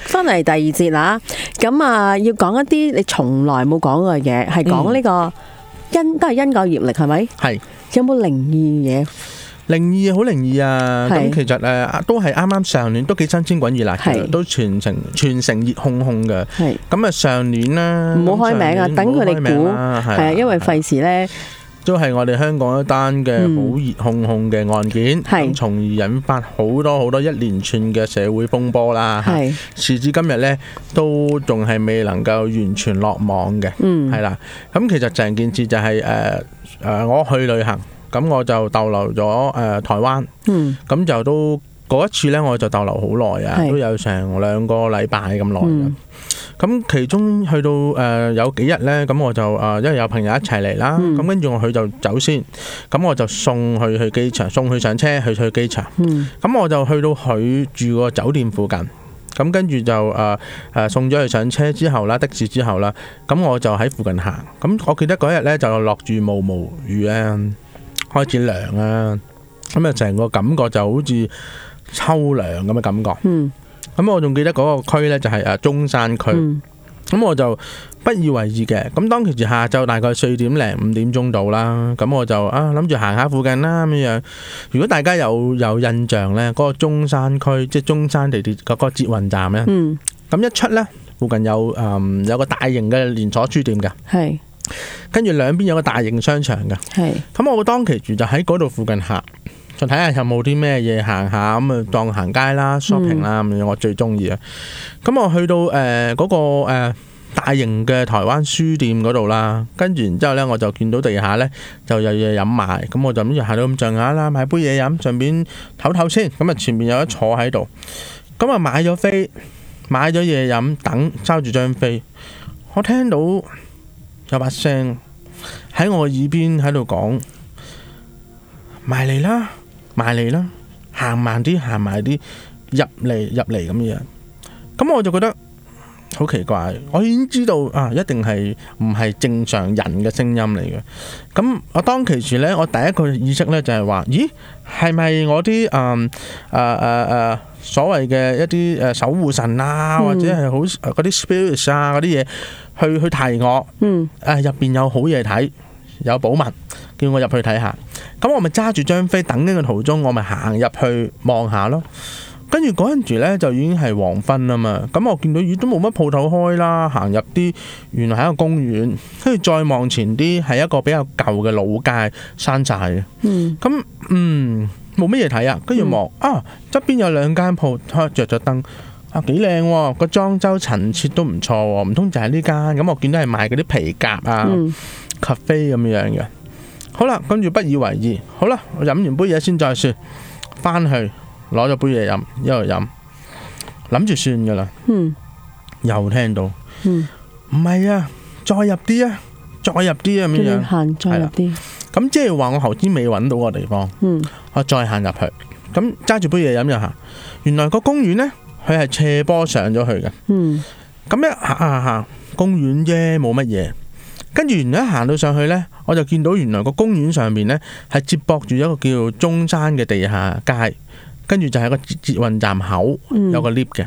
翻嚟第二節啦，咁啊要講一啲你從來冇講過嘅嘢，係講呢個因都係因果業力係咪？係，有冇靈異嘢？靈異啊，好靈異啊！咁其實誒都係啱啱上年都幾新鮮滾熱辣嘅，都全城全城熱烘烘嘅。係咁啊，上年啦，唔好開名啊，等佢哋估係啊，因為費事咧。都係我哋香港一單嘅好熱烘烘嘅案件，咁從而引發好多好多一連串嘅社會風波啦。係，時至今日咧，都仲係未能夠完全落網嘅。嗯，係啦。咁其實成件事就係誒誒，我去旅行，咁我就逗留咗誒台灣。嗯，咁就都嗰一次咧，我就逗留好耐啊，都有成兩個禮拜咁耐。咁其中去到誒有幾日咧，咁我就誒因為有朋友一齊嚟啦，咁跟住我佢就走先，咁我就送佢去機場，送佢上車去去機場。咁我就去到佢住個酒店附近，咁跟住就誒誒送咗佢上車之後啦，的士之後啦，咁我就喺附近行。咁我記得嗰日咧就落住毛毛雨咧，開始涼呀，咁啊成個感覺就好似秋涼咁嘅感覺。咁我仲記得嗰個區咧，就係誒中山區。咁、嗯、我就不以為意嘅。咁當其時下晝大概四點零五點鐘到啦，咁我就啊諗住行下附近啦咁樣。如果大家有有印象呢，嗰、那個中山區即係中山地鐵個、那個捷運站呢，咁、嗯、一出呢，附近有誒、呃、有個大型嘅連鎖書店嘅，跟住是兩邊有個大型商場嘅。咁是我當其時就喺嗰度附近行。就睇下有冇啲咩嘢行下，咁啊，當行街啦、shopping 啦咁樣，我最中意啊！咁我去到誒嗰個誒大型嘅台灣書店嗰度啦，跟住然之後咧，我就見到地下咧就有嘢飲埋，咁我就咁樣行到咁上下啦，買杯嘢飲，上邊唞唞先，咁啊，前面有得坐喺度，咁啊，買咗飛，買咗嘢飲，等揸住張飛，我聽到有把聲喺我耳邊喺度講：埋嚟啦！埋嚟啦，行慢啲，行埋啲，入嚟入嚟咁樣。咁我就覺得好奇怪，我已經知道啊，一定係唔係正常人嘅聲音嚟嘅。咁我當其時咧，我第一個意識咧就係話，咦，係咪我啲誒誒誒誒所謂嘅一啲誒守護神啊，或者係好嗰啲 spirits 啊嗰啲嘢去去提我？嗯，誒入邊有好嘢睇，有寶物。叫我入去睇下，咁我咪揸住張飛等呢個途中，我咪行入去望下咯。跟住嗰陣時呢，就已經係黃昏啊嘛。咁我見到已經都冇乜鋪頭開啦。行入啲，原來係一個公園，跟住再望前啲係一個比較舊嘅老街山寨、嗯嗯、啊。嗯，咁嗯冇乜嘢睇啊。跟住望，啊側邊有兩間鋪開着咗燈啊，幾靚，個裝修陳設都唔錯，啊，唔通就係呢間，咁我見到係賣嗰啲皮夾啊 cafe 咁樣嘅。好啦，跟住不以為意。好啦，我飲完杯嘢先再算。翻去攞咗杯嘢飲，一路飲，諗住算㗎喇。嗯，又聽到。嗯，唔係啊，再入啲啊，再入啲啊，咁樣再入啲？係啦。咁即係話我頭先未搵到個地方。嗯。我再行入去，咁揸住杯嘢飲又行。原來個公園呢，佢係斜坡上咗去嘅。嗯。咁一行一行一行，公園啫，冇乜嘢。跟住原嚟一行到上去呢，我就見到原來個公園上面呢，係接駁住一個叫中山嘅地下街，跟住就係個捷捷運站口有個 lift 嘅，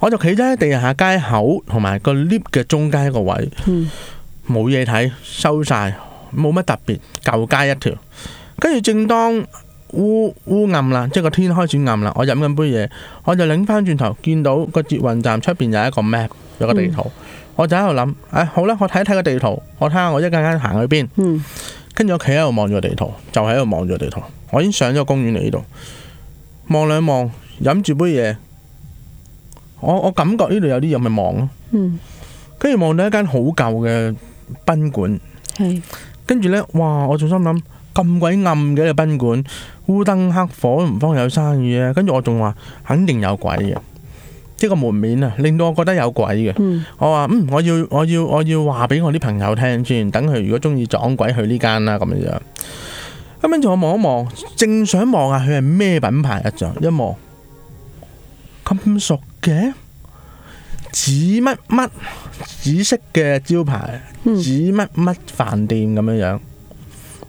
我就企咗喺地下街口同埋個 lift 嘅中間一個位，冇嘢睇，收晒，冇乜特別，舊街一條。跟住正當烏烏暗啦，即係個天開始暗啦，我飲緊杯嘢，我就拎翻轉頭，見到個捷運站出面有一個 map，有個地圖。我就喺度諗，誒、哎、好啦，我睇一睇個地圖，我睇下我一間間行去邊。嗯，跟住我企喺度望住個地圖，就喺度望住個地圖。我已經上咗個公園嚟呢度，望兩望，飲住杯嘢。我我感覺呢度有啲嘢咪望，咯。嗯，跟住望到一間好舊嘅賓館。係、嗯。跟住咧，哇！我仲心諗咁鬼暗嘅個賓館，烏燈黑火，唔方有生意啊。跟住我仲話肯定有鬼嘅。一個門面啊，令到我覺得有鬼嘅，嗯、我話嗯，我要我要我要話俾我啲朋友聽先，等佢如果中意撞鬼去呢間啦咁樣樣。咁跟住我望一望，正想望下佢係咩品牌一、啊、樣，一望，咁熟嘅，紫乜乜紫色嘅招牌，嗯、紫乜乜飯店咁樣樣。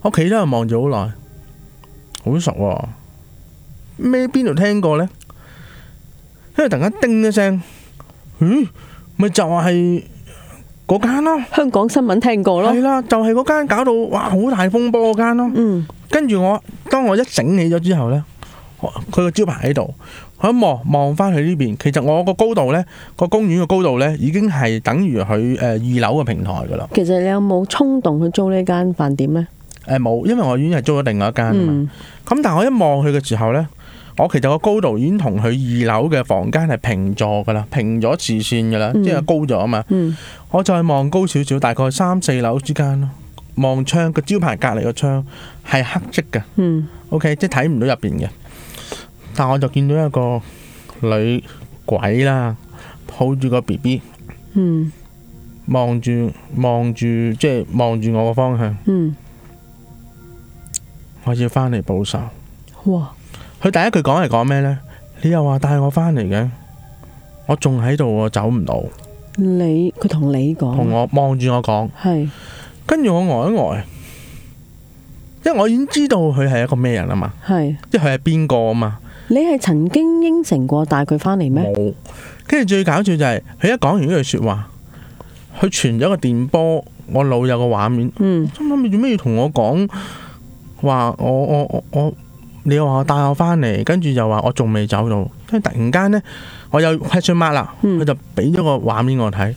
我屋企都係望咗好耐，好熟，咩邊度聽過呢？因為突然間叮一聲，嗯，咪就話係嗰間咯。香港新聞聽過咯，係啦，就係嗰間搞到哇好大風波嗰間咯。嗯，跟住我當我一醒起咗之後咧，佢個招牌喺度，我一望望翻去呢邊，其實我個高度咧，個公園嘅高度咧，已經係等於佢誒二樓嘅平台噶啦。其實你有冇衝動去租呢間飯店咧？誒，冇，因為我已經係租咗另外一間啊嘛。咁但係我一望佢嘅時候咧。我其實個高度已經同佢二樓嘅房間係平坐噶啦，平咗視線噶啦，即係高咗啊嘛。我再望高少少，大概三四樓之間咯。望窗個招牌隔離個窗係黑色嘅，OK，即係睇唔到入邊嘅。但我就見到一個女鬼啦，抱住個 BB，望住望住即係望住我個方向。我要翻嚟報仇。佢第一句講係講咩呢？你又話帶我返嚟嘅，我仲喺度，我走唔到。你佢同你講，同我望住我講，係是跟住我呆、呃、一呆、呃，因為我已經知道佢係一個咩人啦嘛，係是即係佢係邊個啊嘛。你係曾經應承過帶佢返嚟咩？冇。跟住最搞笑就係佢一講完呢句說話，佢傳咗個電波，我腦有個畫面，嗯，心諗你做咩要同我講話？我我我我。我我你又話我帶我返嚟，跟住就話我仲未走到，跟住突然間呢，我又拍出麥啦，佢、嗯、就俾咗個畫面我睇，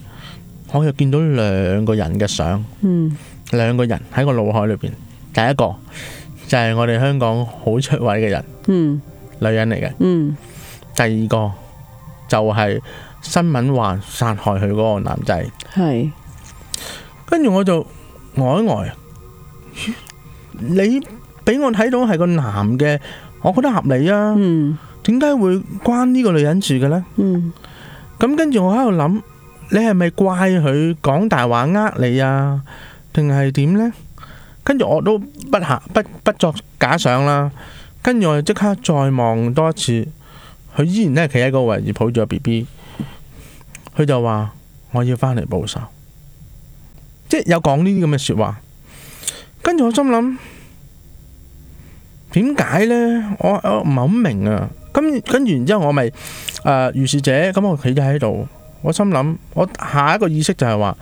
我又見到兩個人嘅相，嗯、兩個人喺個腦海裏邊，第一個就係我哋香港好出位嘅人，嗯、女人嚟嘅，嗯、第二個就係新聞話殺害佢嗰個男仔，係、嗯，跟住我就呆一呆，嗯、你。俾我睇到係個男嘅，我覺得合理啊。點解、嗯、會關呢個女人住嘅呢？咁、嗯、跟住我喺度諗，你係咪怪佢講大話呃你啊？定係點呢？」跟住我都不行不不作假想啦。跟住我即刻再望多一次，佢依然咧企喺個位置抱住個 B B。佢就話我要返嚟報仇，即係有講呢啲咁嘅說話。跟住我心諗。點解咧？我我唔係好明啊！咁跟完之後，我咪誒如是者，咁我企咗喺度，我心諗，我下一個意識就係話：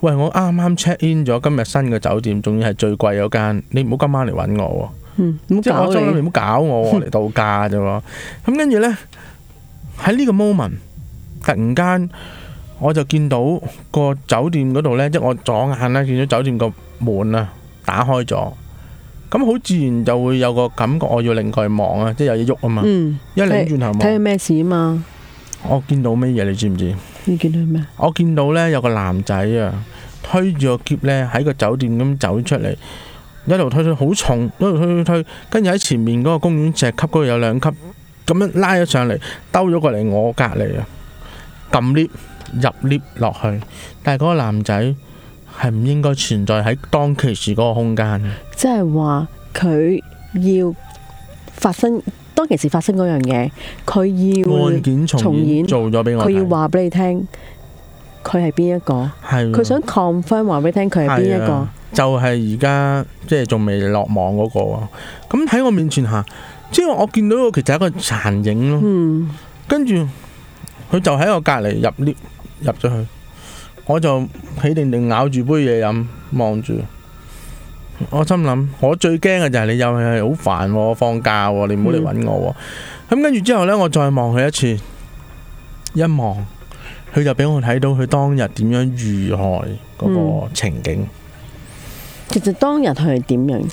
喂，我啱啱 check in 咗今日新嘅酒店，仲要係最貴嗰間，你唔好今晚嚟搵我。嗯，唔好搞你。即係我今兩年唔好搞我嚟度假啫。咁跟住咧喺呢個 moment，突然間我就見到個酒店嗰度咧，即係我左眼咧見到酒店個門啊打開咗。咁好自然就會有個感覺，我要令佢望啊，即係有嘢喐啊嘛。嗯、一擰轉頭望，睇咩事啊嘛。我見到咩嘢，你知唔知？你見到咩？我見到咧有個男仔啊，推住個篋咧喺個酒店咁走出嚟，一路推推好重，一路推推推，跟住喺前面嗰個公園石級嗰度有兩級咁樣拉咗上嚟，兜咗過嚟我隔離啊，撳 lift 入 lift 落去，但係嗰個男仔，係唔應該存在喺當其時嗰個空間。即係話佢要發生當其時發生嗰樣嘢，佢要重案件重演做咗俾我，佢要話俾你聽，佢係邊一個？係佢、啊、想 confirm 話俾你聽佢係邊一個？啊、就係而家即係仲未落網嗰、嗰個。咁喺我面前下，即係我見到佢其實係一個殘影咯。嗯，跟住佢就喺我隔籬入 lift 入咗去。我就起定定咬住杯嘢飲，望住。我心諗，我最驚嘅就係你又係好煩，放假你唔好嚟搵我。咁跟住之後呢，我再望佢一次，一望，佢就俾我睇到佢當日點樣遇害嗰個情景。嗯。其實當日佢係點樣？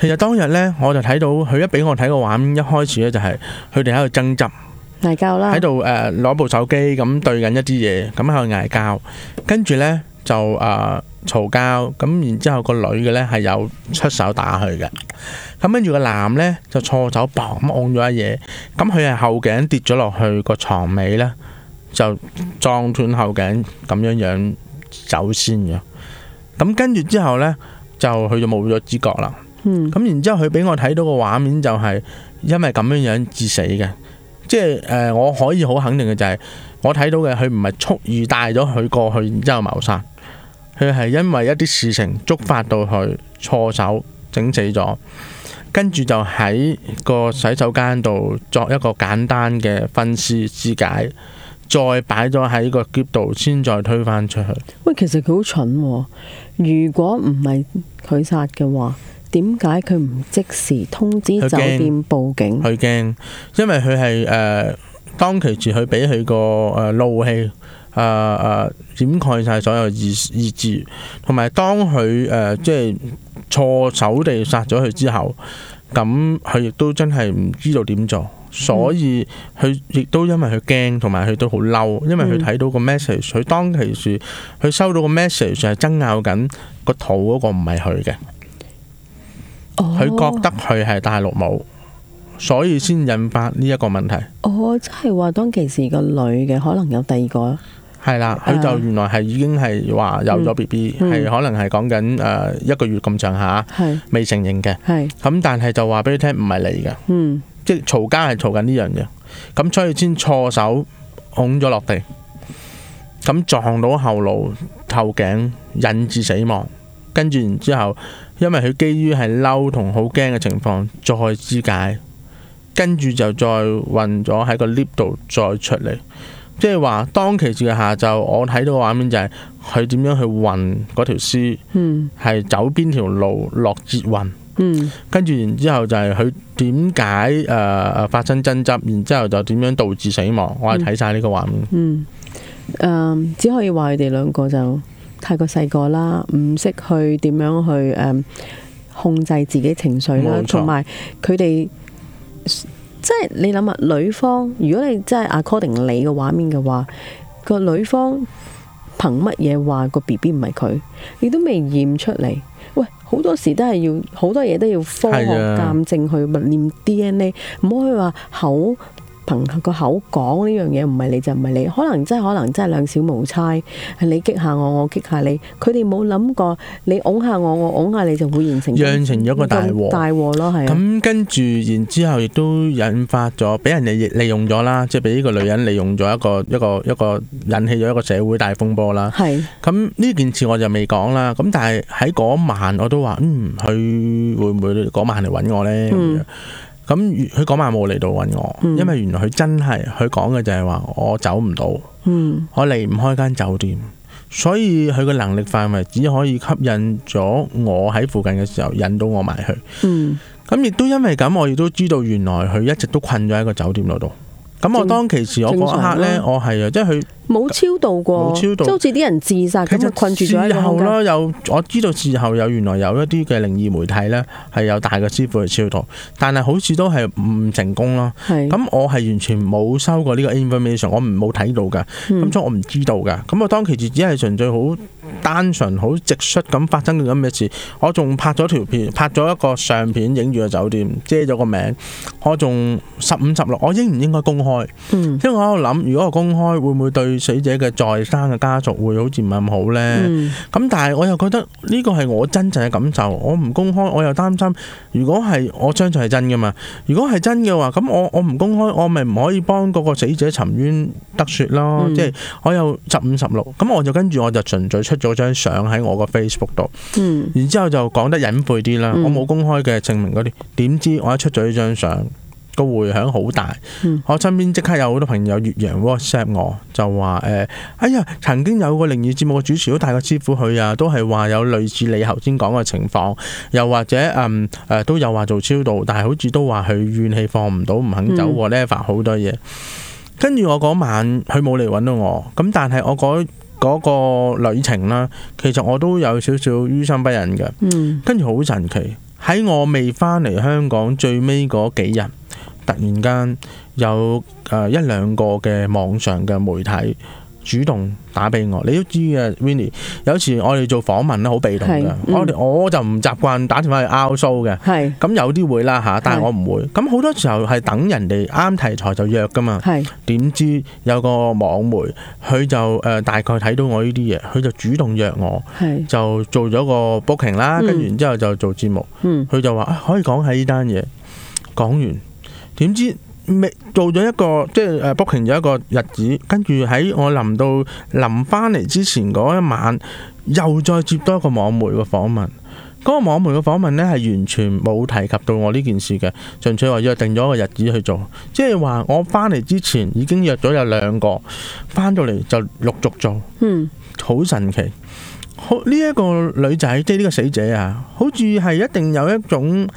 其實當日呢，我就睇到佢一俾我睇個畫面，一開始呢，就係佢哋喺度爭執。嗌交啦，喺度誒，攞部手機咁對緊一啲嘢，咁喺度嗌交，跟住咧就誒嘈交，咁然之後個女嘅咧，係有出手打佢嘅，咁跟住個男咧就錯手砰咁按咗一嘢，咁佢係後頸跌咗落去個床尾咧，就撞斷後頸咁樣樣走先嘅。咁跟住之後咧就佢就冇咗知覺啦。嗯，咁然之後佢俾我睇到個畫面就係因為咁樣樣致死嘅。即係、呃、我可以好肯定嘅就係、是，我睇到嘅佢唔係蓄意帶咗佢過去然之後謀殺，佢係因為一啲事情觸發到佢錯手整死咗，跟住就喺個洗手間度作一個簡單嘅分屍肢解，再擺咗喺個篋度，先再推返出去。喂，其實佢好蠢喎，如果唔係佢殺嘅話。點解佢唔即時通知酒店怕報警？佢驚，因為佢係誒當其時佢俾佢個誒怒氣誒誒掩蓋晒所有意意志，同埋當佢誒、呃、即係錯手地殺咗佢之後，咁佢亦都真係唔知道點做，所以佢亦都因為佢驚，同埋佢都好嬲，因為佢睇到個 message，、嗯、佢當其時佢收到個 message 就係爭拗緊個肚嗰個唔係佢嘅。佢覺得佢係大陸冇，所以先引發呢一個問題。哦，即係話當其時個女嘅可能有第二個。係啦，佢就原來係已經係話有咗 B B，係可能係講緊誒一個月咁上下，係未成型嘅。係咁，但係就話俾你聽唔係你㗎。嗯，即係嘈交係嘈緊呢樣嘢，咁所以先錯手㧬咗落地，咁撞到後腦、頭頸，引致死亡。跟住然之後。因為佢基於係嬲同好驚嘅情況再肢解，跟住就再運咗喺個 lift 度再出嚟。即係話當其時嘅下晝，我睇到嘅畫面就係佢點樣去運嗰條屍，係、嗯、走邊條路落捷運，跟住、嗯、然之後就係佢點解誒發生爭執，然之後就點樣導致死亡。我係睇晒呢個畫面，誒、嗯嗯呃，只可以話佢哋兩個就。太過細個啦，唔識去點樣去誒、嗯、控制自己情緒啦，同埋佢哋即係你諗下女方如果你真係 according 你嘅畫面嘅話，個女方憑乜嘢話個 B B 唔係佢？亦都未驗出嚟。喂，好多時都係要好多嘢都要科學鑒證去驗 D N A，唔好去話口。憑個口講呢樣嘢，唔係你就唔係你，可能真係可能真係兩小無猜，係你激下我，我激下你，佢哋冇諗過你㧬下我，我㧬下你就會釀成釀成咗個大禍大禍咯，係咁跟住，然之後亦都引發咗，俾人哋利用咗啦，即係俾呢個女人利用咗一個一個一個，引起咗一個社會大風波啦。係咁呢件事我就未講啦，咁但係喺嗰晚我都話，嗯，佢會唔會嗰晚嚟揾我呢？咁佢嗰晚冇嚟到揾我，因為原來佢真係佢講嘅就係話我走唔到，嗯、我離唔開間酒店，所以佢個能力範圍只可以吸引咗我喺附近嘅時候引到我埋去。咁亦都因為咁，我亦都知道原來佢一直都困咗喺個酒店度。咁我當其時正我嗰一刻呢，我係啊，即係佢。冇超度過，即好似啲人自殺咁啊，其實 困住咗喺度啦。有我知道事後有原來有一啲嘅靈異媒體咧，係有大嘅師傅去超度，但係好似都係唔成功咯。咁是我係完全冇收過呢個 information，我唔冇睇到㗎，咁、嗯、所以我唔知道㗎。咁我當其時只係純粹好單純好直率咁發生嘅咁嘅事，我仲拍咗條片，拍咗一個相片，影住個酒店，遮咗個名，我仲十五十六，我應唔應該公開？嗯、因為我喺度諗，如果我公開，會唔會對死者嘅再生嘅家族會好似唔係咁好咧，咁、嗯、但係我又覺得呢個係我真正嘅感受，我唔公開我又擔心，如果係我相信係真噶嘛，如果係真嘅話，咁我我唔公開，我咪唔可以幫嗰個死者沉冤得雪咯，嗯、即係我又十五十六，咁我就跟住我就純粹出咗張相喺我個 Facebook 度，嗯、然之後就講得隱晦啲啦，嗯、我冇公開嘅證明嗰啲，點知我一出咗呢張相。個回響好大，嗯、我身邊即刻有好多朋友月，岳陽 WhatsApp 我就話誒，哎呀，曾經有個靈異節目嘅主持都帶個師傅去啊，都係話有類似你頭先講嘅情況，又或者嗯誒、呃、都有話做超度，但係好似都話佢怨氣放唔到，唔肯走，咧煩好多嘢。跟住我嗰晚佢冇嚟揾到我，咁但係我嗰、嗰、嗰、個嗰個旅程啦，其實我都有少少於心不忍嘅。跟住好神奇，喺我未返嚟香港最尾嗰幾日。突然間有誒一兩個嘅網上嘅媒體主動打俾我，你都知啊，Winnie。有時我哋做訪問咧，好被動㗎。我我就唔習慣打電話去 OutShow 嘅。係咁有啲會啦嚇，但係我唔會。咁好多時候係等人哋啱題材就約㗎嘛。係，點知有個網媒佢就誒大概睇到我呢啲嘢，佢就主動約我，就做咗個 Booking 啦。跟住然之後就做節目，佢就話可以講喺呢單嘢講完。點知未做咗一個即係誒 booking 咗一個日子，跟住喺我臨到臨翻嚟之前嗰一晚，又再接多一個網媒嘅訪問。嗰個網媒嘅訪問呢，係完全冇提及到我呢件事嘅，純粹話約定咗一個日子去做，即係話我翻嚟之前已經約咗有兩個，翻到嚟就陸續做。嗯，好神奇。好呢一個女仔即係呢個死者啊，好似係一定有一種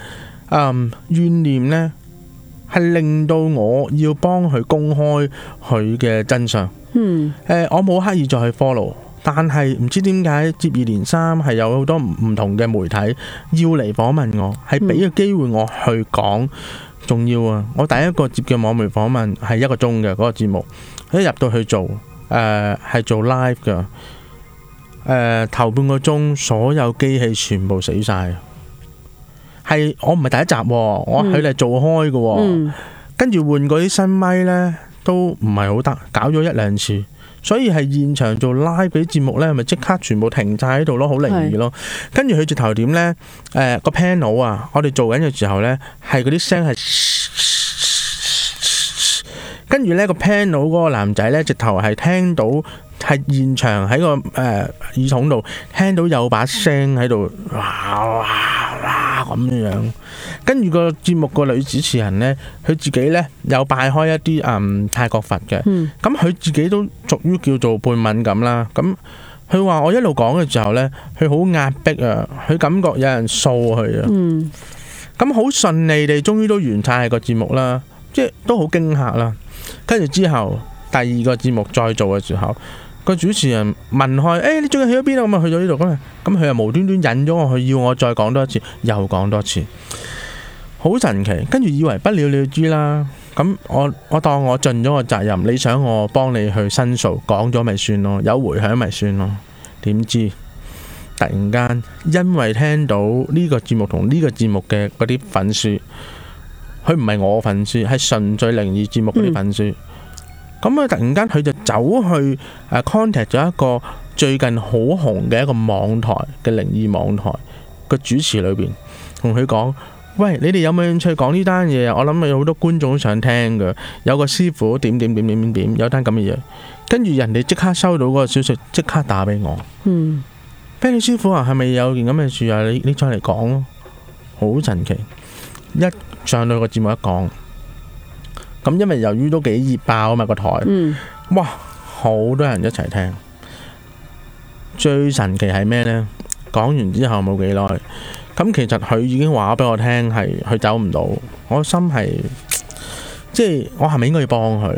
誒怨念呢。係令到我要幫佢公開佢嘅真相。嗯，誒，我冇刻意再去 follow，但係唔知點解接二連三係有好多唔同嘅媒體要嚟訪問我，係俾個機會我去講仲要啊！我第一個接嘅網媒訪問係一個鐘嘅嗰個節目，一入到去做誒係做 live 噶，誒頭半個鐘所有機器全部死晒。係我唔係第一集，我佢哋做開嘅，跟住換嗰啲新咪咧都唔係好得，搞咗一兩次，所以係現場做 live 嗰啲節目咧，咪即刻全部停晒喺度咯，好靈異咯。跟住佢直頭點咧？誒個 panel 啊，我哋做緊嘅時候咧，係嗰啲聲係，跟住咧個 panel 嗰個男仔咧，直頭係聽到係現場喺個誒耳筒度聽到有把聲喺度。咁樣樣，跟住個節目個女主持人呢，佢自己呢又拜開一啲誒泰國佛嘅，咁佢自己都屬於叫做半敏感啦。咁佢話我一路講嘅時候呢，佢好壓迫啊，佢感覺有人掃佢啊。咁好順利地，終於都完晒個節目啦，即係都好驚嚇啦。跟住之後第二個節目再做嘅時候。個主持人問佢，誒，你最近去咗邊啊？咁啊，去咗呢度咁啊，佢又無端端引咗我去，佢要我再講多一次，又講多次，好神奇。跟住以為不了了之啦，咁我我當我盡咗個責任。你想我幫你去申訴，講咗咪算咯，有回響咪算咯。點知突然間，因為聽到呢個節目同呢個節目嘅嗰啲粉絲，佢唔係我粉絲，係純粹靈異節目嗰啲粉絲。嗯咁啊！突然間佢就走去誒 contact 咗一個最近好紅嘅一個網台嘅靈異網台個主持裏邊，同佢講：喂，你哋有冇興趣講呢單嘢啊？我諗有好多觀眾都想聽嘅。有個師傅點點點點點點，有單咁嘅嘢。跟住人哋即刻收到嗰個消息，即刻打俾我。嗯，邊個師傅啊？係咪有件咁嘅事啊？你你再嚟講咯，好神奇！一上到個節目一講。咁，因為由於都幾熱爆啊嘛個台，嗯、哇，好多人一齊聽。最神奇係咩呢？講完之後冇幾耐，咁其實佢已經話咗俾我聽係佢走唔到，我心係即係我係咪應該要幫佢？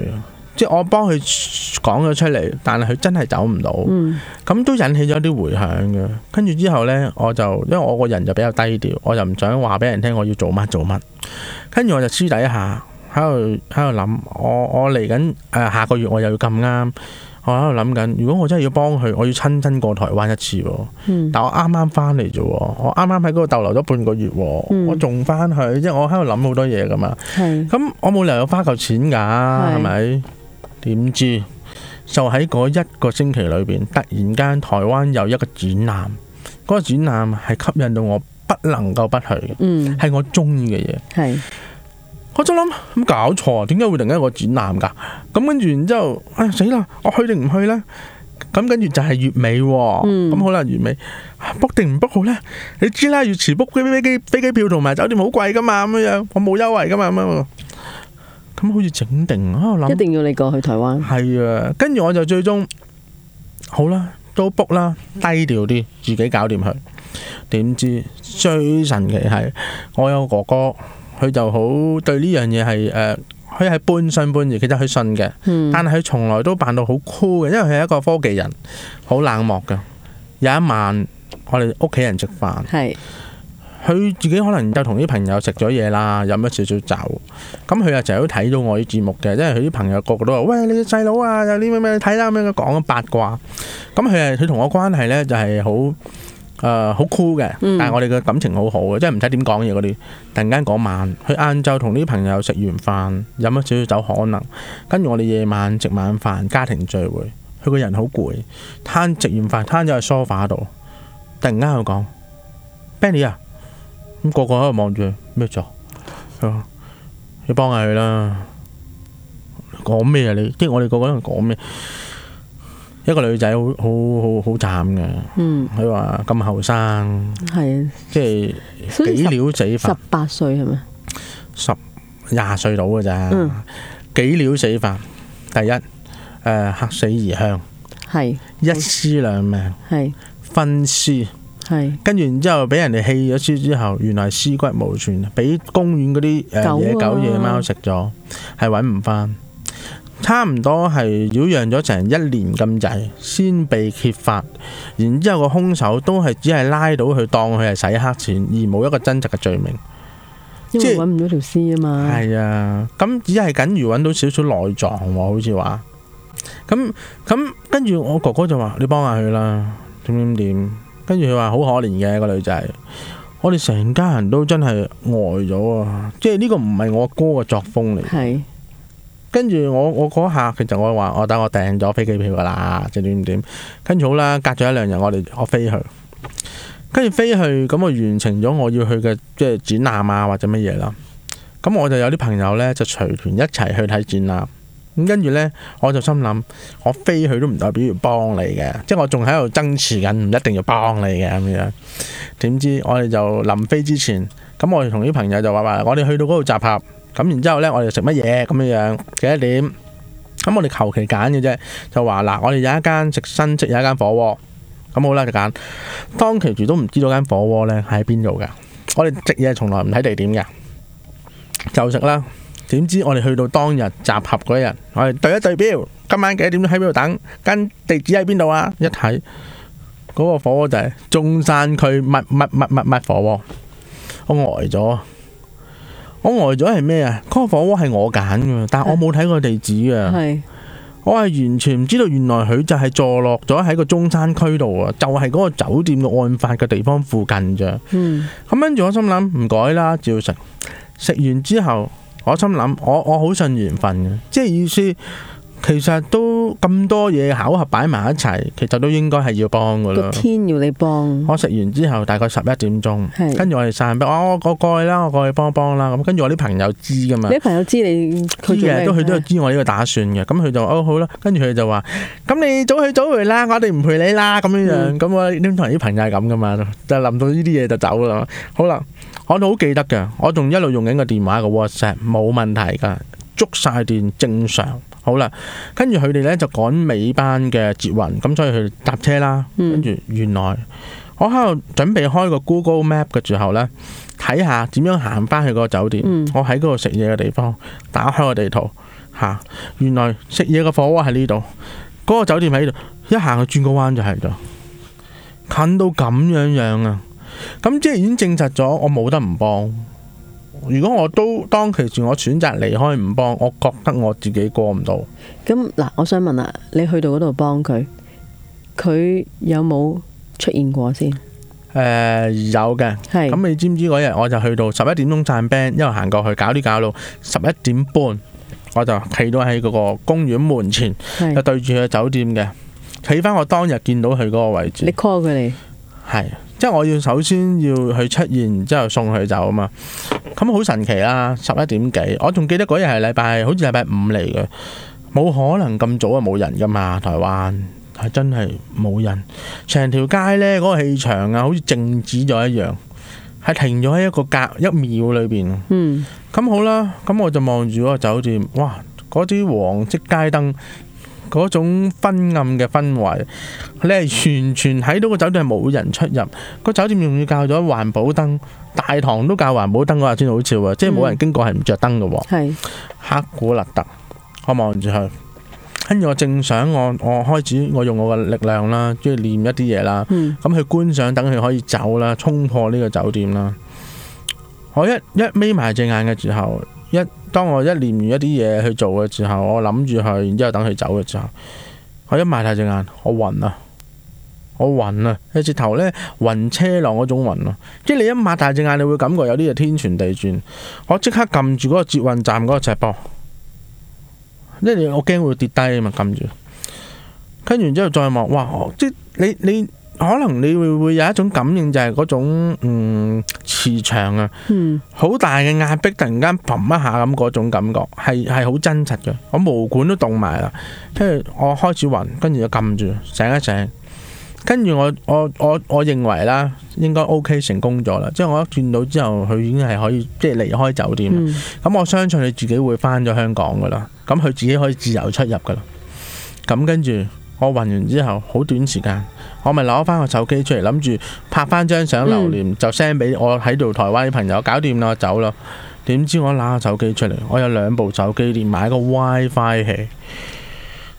即係我幫佢講咗出嚟，但係佢真係走唔到，咁、嗯、都引起咗啲迴響嘅。跟住之後呢，我就因為我個人就比較低調，我就唔想話俾人聽我要做乜做乜。跟住我就私底下。喺度喺度諗，我我嚟緊誒下個月我又要咁啱，我喺度諗緊，如果我真係要幫佢，我要親身過台灣一次，嗯、但我啱啱翻嚟啫。我啱啱喺嗰度逗留咗半個月，嗯、我仲翻去，即係我喺度諗好多嘢噶嘛。咁是我冇理由要花嚿錢噶、啊，係咪是？點知就喺嗰一個星期裏邊，突然間台灣有一個展覽，嗰、嗰個展覽係吸引到我不能夠不去，係、嗯、我中意嘅嘢。是我就諗，咁搞錯啊，點解會突然間有個展覽噶？咁跟住然之後，哎呀死啦！我去定唔去呢？咁跟住就係月尾，咁、嗯嗯、好啦，月尾 book 定唔 book 好呢？你知啦，越遲 book 機飛機票同埋酒店好貴噶嘛，咁樣我冇優惠噶嘛咁樣。咁好似整定啊！我諗一定要你過去台灣。係啊，跟住我就最終好啦，都 book 啦，低調啲，自己搞掂佢。點知最神奇係我有個哥哥。佢就好對呢樣嘢係誒，佢係半信半疑，其實佢信嘅，但係佢從來都扮到好 cool 嘅，因為佢係一個科技人，好冷漠嘅。有一晚，我哋屋企人食飯，係佢自己可能就同啲朋友食咗嘢啦，飲咗少少酒。咁佢又成日都睇到我啲節目嘅，因為佢啲朋友個個都話：喂，你嘅細佬啊，有啲咩咩睇啦，咁樣講八卦。咁佢誒佢同我關係咧就係好。誒好 cool 嘅，但係我哋嘅感情好好嘅，嗯、即係唔使點講嘢。我哋突然間嗰晚，佢晏晝同啲朋友食完飯，飲咗少少酒，可能跟住我哋夜晚食晚飯家庭聚會，佢個人好攰，攤食完飯攤咗喺 sofa 度，突然間佢講：Benny 啊，咁個個喺度望住，咩做？佢話：你幫下佢啦。講咩啊你？即係我哋個個人講咩？一個女仔好好好好慘嘅，嗯，佢話咁後生，係啊的，即係幾料死法，的十,十八歲係咪？十廿歲到嘅咋，嗯、幾料死法？第一，誒、呃，客死異鄉，係的一屍兩命，係分屍，係跟住然之後俾人哋棄咗屍之後，原來屍骨無存，俾公園嗰啲誒野狗、野貓食咗，係搵唔返。差唔多係擾攘咗成一年咁滯，先被揭發。然之後個兇手都係只係拉到佢當佢係洗黑錢，而冇一個真實嘅罪名。即係揾唔到條屍啊嘛。係啊，咁只係僅餘揾到少少內臟，好似話。咁咁跟住我哥哥就話：你幫下佢啦，點點點。跟住佢話好可憐嘅個女仔，我哋成家人都真係呆咗啊！即係呢個唔係我哥嘅作風嚟。係。跟住我我嗰下就，其實我話我等我訂咗飛機票噶啦，即係點點。跟住好啦，隔咗一兩日，我哋我飛去。跟住飛去，咁我完成咗我要去嘅即係展覽或者乜嘢啦。咁我就有啲朋友呢，就隨團一齊去睇展覽。咁跟住呢，我就心諗我飛去都唔代表要幫你嘅，即係我仲喺度爭持緊，唔一定要幫你嘅咁樣。點知我哋就臨飛之前，咁我哋同啲朋友就話話，我哋去到嗰度集合。咁然之後呢，我哋食乜嘢咁樣樣幾多點？咁我哋求其揀嘅啫，就話嗱，我哋有一間食新式，有一間火鍋。咁好啦就揀，當其時都唔知道間火鍋呢喺邊度嘅。我哋食嘢從來唔睇地點嘅，就食啦。點知我哋去到當日集合嗰日，我哋對一對表，今晚幾多點喺邊度等，間地址喺邊度啊？一睇嗰、嗰個火鍋就係中山區乜乜乜乜乜火鍋，我呆咗。我呆咗係咩啊？嗰、那個火鍋係我揀噶，但我冇睇個地址噶，我係完全唔知道原來佢就係坐落咗喺個中山區度啊，就係、是、嗰個酒店嘅案發嘅地方附近咋。咁跟住我心諗唔改啦，照食。食完之後我心諗，我我好信緣分嘅，即係意思。其實都咁多嘢巧合擺埋一齊，其實都應該係要幫噶啦。個天要你幫我食完之後大概十一點鐘，跟住我哋散，我我過過去啦，我過去幫幫啦。咁跟住我啲朋友知噶嘛？啲朋友知你，啲嘢都佢都知我呢個打算嘅。咁佢就哦好啦，跟住佢就話咁你早去早回啦，我哋唔陪你啦。咁樣樣咁我通常啲朋友係咁噶嘛，就諗到呢啲嘢就走啦。好啦，我都好記得嘅，我仲一路用緊個電話個 WhatsApp 冇問題噶，捉晒電正常。好啦，跟住佢哋呢就趕尾班嘅捷運，咁所以佢哋搭車啦。跟住、嗯、原來我喺度準備開個 Google Map 嘅時候呢，睇下點樣行翻去個酒店。嗯、我喺嗰個食嘢嘅地方打開個地圖，吓，原來食嘢嘅火鍋喺呢度，嗰、嗰個酒店喺呢度，一行去轉個彎就係咗，近到咁樣樣啊！咁即係已經證實咗，我冇得唔幫。如果我都當其時我選擇離開唔幫，我覺得我自己過唔到。咁嗱，我想問啊，你去到嗰度幫佢，佢有冇出現過先？誒、呃，有嘅。係。是。咁你知唔知嗰日我就去到十一點鐘散 band，一路行過去搞啲搞到十一點半我就企到喺嗰個公園門前，是就對住佢酒店嘅，企翻我當日見到佢嗰個位置。你 call 佢嚟？係。因為我要首先要去出現，之後送佢走啊嘛，咁好神奇啦、啊！十一點幾，我仲記得嗰日係禮拜，好似禮拜五嚟嘅，冇可能咁早啊，冇人㗎嘛，台灣係真係冇人，成條街呢嗰、嗰個氣場啊，好似靜止咗一樣，係停咗喺一個隔一秒裏邊。嗯，咁好啦，咁我就望住嗰個酒店，哇，嗰啲黃色街燈。嗰種昏暗嘅氛圍，你係完全喺到個酒店係冇人出入。個酒店仲要教咗環保燈，大堂都教環保燈嗰下先好笑喎，嗯、即係冇人經過係唔着燈嘅喎。係黑古勒特，我望住佢，跟住我正想我我開始我用我嘅力量啦，即係念一啲嘢啦。嗯。咁去觀想，等佢可以走啦，衝破呢個酒店啦。我一一眯埋隻眼嘅時候。一當我一練完一啲嘢，去做嘅時候，我諗住佢，然之後等佢走嘅時候，我一擘大隻眼，我暈啊，我暈啊，一直頭呢，暈車浪嗰種暈咯，即係你一擘大隻眼，你會感覺有啲嘢天旋地轉，我即刻撳住嗰個捷運站嗰個閘波，因為我驚會跌低啊嘛撳住，跟住之後再望，哇，即你你。你可能你會會有一種感應，就係、是、嗰種嗯磁場啊，好 大嘅壓迫，突然間砰一下咁嗰種感覺，係係好真實嘅，我毛管都凍埋啦，跟住我開始暈，跟住就撳住，醒一醒，跟住我我我我認為啦，應該 OK 成功咗啦，即係我一見到之後，佢已經係可以即係離開酒店，咁 我相信你自己會返咗香港㗎啦，咁佢自己可以自由出入㗎啦，咁跟住。我混完之後，好短時間，我咪攞翻個手機出嚟，諗住拍翻張相留念，嗯、就 send 俾我喺度台灣啲朋友，搞掂啦，我走啦。點知我揦個手機出嚟，我有兩部手機連埋一個 WiFi 器，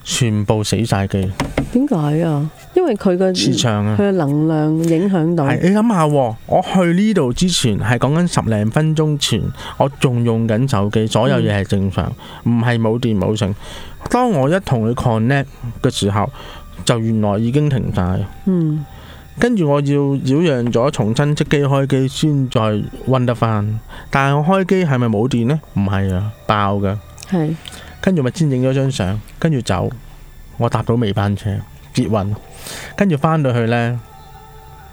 全部死晒機。點解啊？因為佢個磁場啊，佢嘅能量影響到。你諗下，我去呢度之前係講緊十零分鐘前，我仲用緊手機，所有嘢係正常，唔係冇電冇剩。當我一同佢 connect 嘅時候，就原來已經停晒。嗯，跟住，我要擾攘咗，重新即機開機先再搵得翻。但係我開機係咪冇電呢？唔係啊，爆㗎。係是。跟住咪先影咗張相，跟住走。我搭到尾班車，捷運。跟住翻到去呢，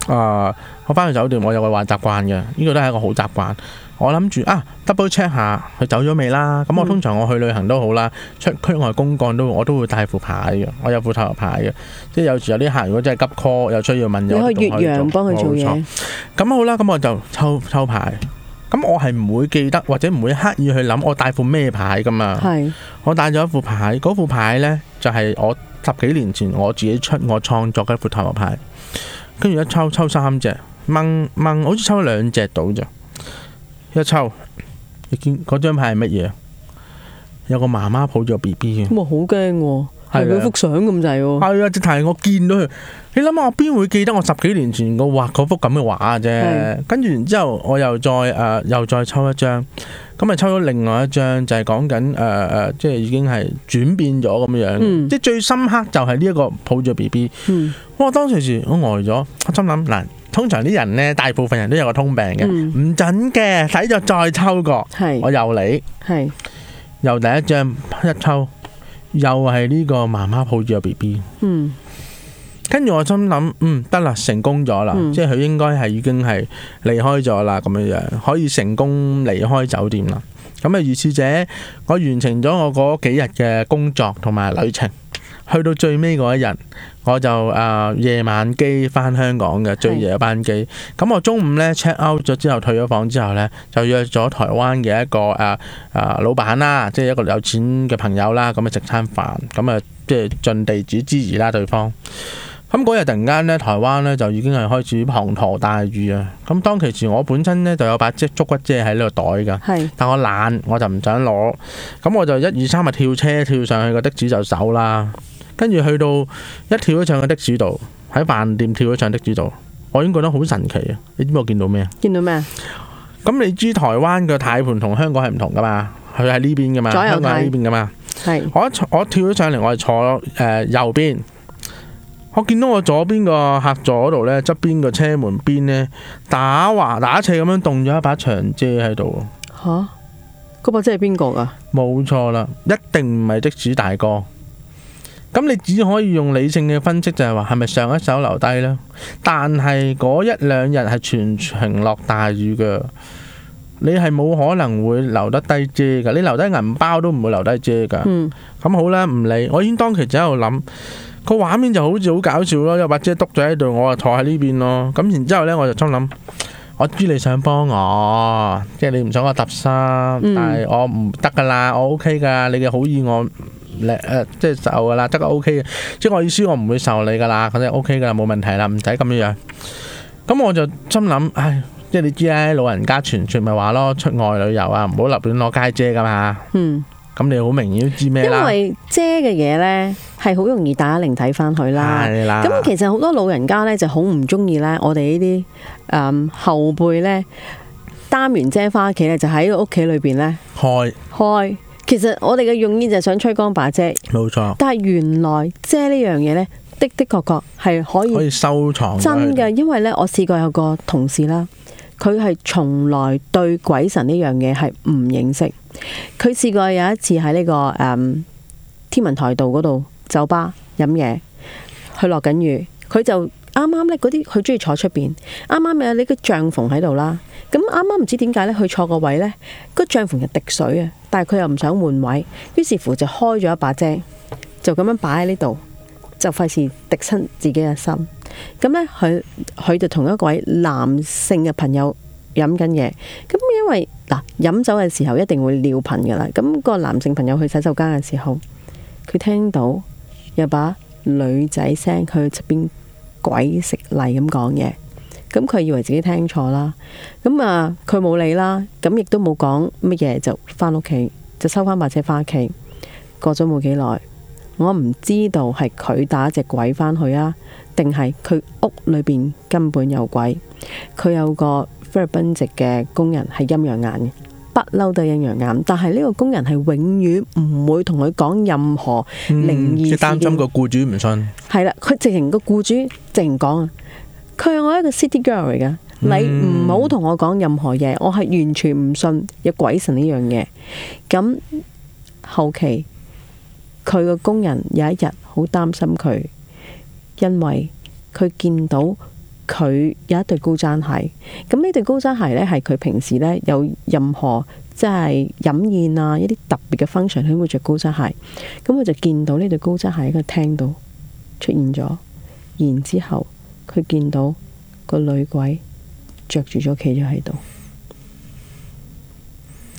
啊、呃，我返去酒店我有個，我又係話習慣嘅，呢個都係一個好習慣。.我諗住啊，double check 下佢走咗未啦。咁、啊、我通常我去旅行都好啦，出區外公幹都我都會帶副牌嘅，我有副塔羅牌嘅，即係有時有啲客如果真係急 call，有需要問有，你去越陽幫佢做嘢咁好啦。咁我就抽抽牌，咁、啊嗯、我係唔會記得或者唔會刻意去諗我帶副咩牌噶嘛。我帶咗一，是一副牌，嗰副牌呢就係、是、我十幾年前我自己出我創作嘅一副塔羅牌，跟住一抽抽三隻掹掹，好似抽兩隻到咋。一抽，你見嗰張牌係乜嘢？有個媽媽抱住 B B 嘅。咁啊，好驚喎，係嗰幅相咁滯喎。係啊的，只係我見到佢，你諗下，我邊會記得我十幾年前個畫嗰幅咁嘅畫啫？嗯、跟住然之後，我又再誒、呃，又再抽一張，咁啊，抽咗另外一張就係講緊誒誒，即係已經係轉變咗咁樣。嗯、即係最深刻就係呢一個抱住 B B。嗯、我當時時我呆咗，我心諗嗱。通常啲人呢，大部分人都有個通病嘅，唔準嘅，睇咗再抽過，我又嚟，又第一張一抽，又係呢個媽媽抱住個 BB，跟住我心諗，嗯，得啦，成功咗啦，即係佢應該係已經係離開咗啦，咁樣樣可以成功離開酒店啦。咁啊如是者，我完成咗我嗰幾日嘅工作同埋旅程，去到最尾嗰一日。我就啊、呃、夜晚機翻香港嘅最夜班機，咁是我中午呢 check out 咗之後退咗房之後呢，就約咗台灣嘅一個啊啊、呃呃、老闆啦，即係一個有錢嘅朋友啦，咁啊食餐飯，咁啊即係盡地主之誼啦對方。咁嗰日突然間呢，台灣呢就已經係開始滂沱大雨啊！咁當其時我本身呢就有把即竹骨遮喺呢個袋㗎，是但我懶我就唔想攞，咁我就一二三咪跳車跳上去個的士就走啦。跟住去到一跳咗上個的士度，喺飯店跳咗上的士度，我已經覺得好神奇啊！你知唔知我見到咩啊？見到咩？咁你知台灣嘅軚盤同香港係唔同噶嘛？佢喺呢邊噶嘛？香港喺呢邊噶嘛？係我我跳咗上嚟，我係坐誒右邊，我見到我左邊個客座嗰度呢，側邊個車門邊呢打橫打斜咁樣動咗一把長遮喺度。吓，嗰把遮係邊個噶？冇錯啦，一定唔係的士大哥。咁你只可以用理性嘅分析，就係話係咪上一手留低咧？但係嗰一兩日係全程落大雨㗎，你係冇可能會留得低遮㗎。你留低銀包都唔會留低遮㗎。咁好啦，唔理。我已經當其時喺度諗，個畫面就好似好搞笑咯，有一把遮篤咗喺度，我就坐喺呢邊咯。咁然之後咧，我就心諗，我知你想幫我，即係你唔想我搭衫，但係我唔得㗎啦，我 OK 㗎，你嘅好意我。誒，即係受噶啦，得個 O K 嘅，即係我意思，我唔會受你噶啦，咁就 O K 噶啦，冇問題啦，唔使咁樣樣。咁我就心諗，唉，即係你知啦，老人家傳傳咪話咯，出外旅遊啊，唔好立亂攞街遮噶嘛。嗯，咁你好明顯都知咩？因為遮嘅嘢咧，係好容易打啲靈體翻去啦。係啦的，咁其實好多老人家咧就好唔中意咧，我、嗯、哋呢啲誒後輩咧，擔完遮翻屋企咧，就喺屋企裏邊咧開開。開其實我哋嘅用意就係想吹乾把遮，冇錯。但係原來遮呢樣嘢呢，的的確確係可以收藏真嘅。因為呢，我試過有個同事啦，佢係從來對鬼神呢樣嘢係唔認識。佢試過有一次喺呢個誒天文台道嗰度酒吧飲嘢，佢落緊雨，佢就啱啱呢嗰啲佢中意坐出邊，啱啱有呢個帳篷喺度啦。咁啱啱唔知點解咧，佢坐個位呢。個帳篷係滴水啊！但係佢又唔想換位，於是乎就開咗一把遮，就咁樣擺喺呢度，就費事滴親自己嘅心。咁、嗯、呢，佢佢就同一個位男性嘅朋友飲緊嘢。咁因為嗱飲、啊、酒嘅時候一定會尿頻噶啦。咁、個男性朋友去洗手間嘅時候，佢聽到有把女仔聲，佢喺出邊鬼食泥咁講嘢。咁佢以為自己聽錯啦，咁啊佢冇理啦，咁亦都冇講乜嘢就返屋企，就收返把車返屋企。過咗冇幾耐，我唔知道係佢打隻鬼返去啊，定係佢屋裏邊根本有鬼。佢有個菲律賓籍嘅工人係陰陽眼嘅，不嬲都係陰陽眼，但係呢個工人係永遠唔會同佢講任何靈異嘅。嗯，擔心個僱主唔信。係啦，佢直情個僱主直情講佢係我一個 city girl 嚟㗎，mm. 你唔好同我講任何嘢，我係完全唔信有鬼神呢樣嘢。咁後期佢個工人有一日好擔心佢，因為佢見到佢有一對高踭鞋。咁呢對高踭鞋咧，係佢平時咧有任何即係飲宴啊一啲特別嘅 function，佢會着高踭鞋。咁我就見到呢對高踭鞋喺個廳度出現咗，然之後。佢見到個女鬼着住咗，企咗喺度，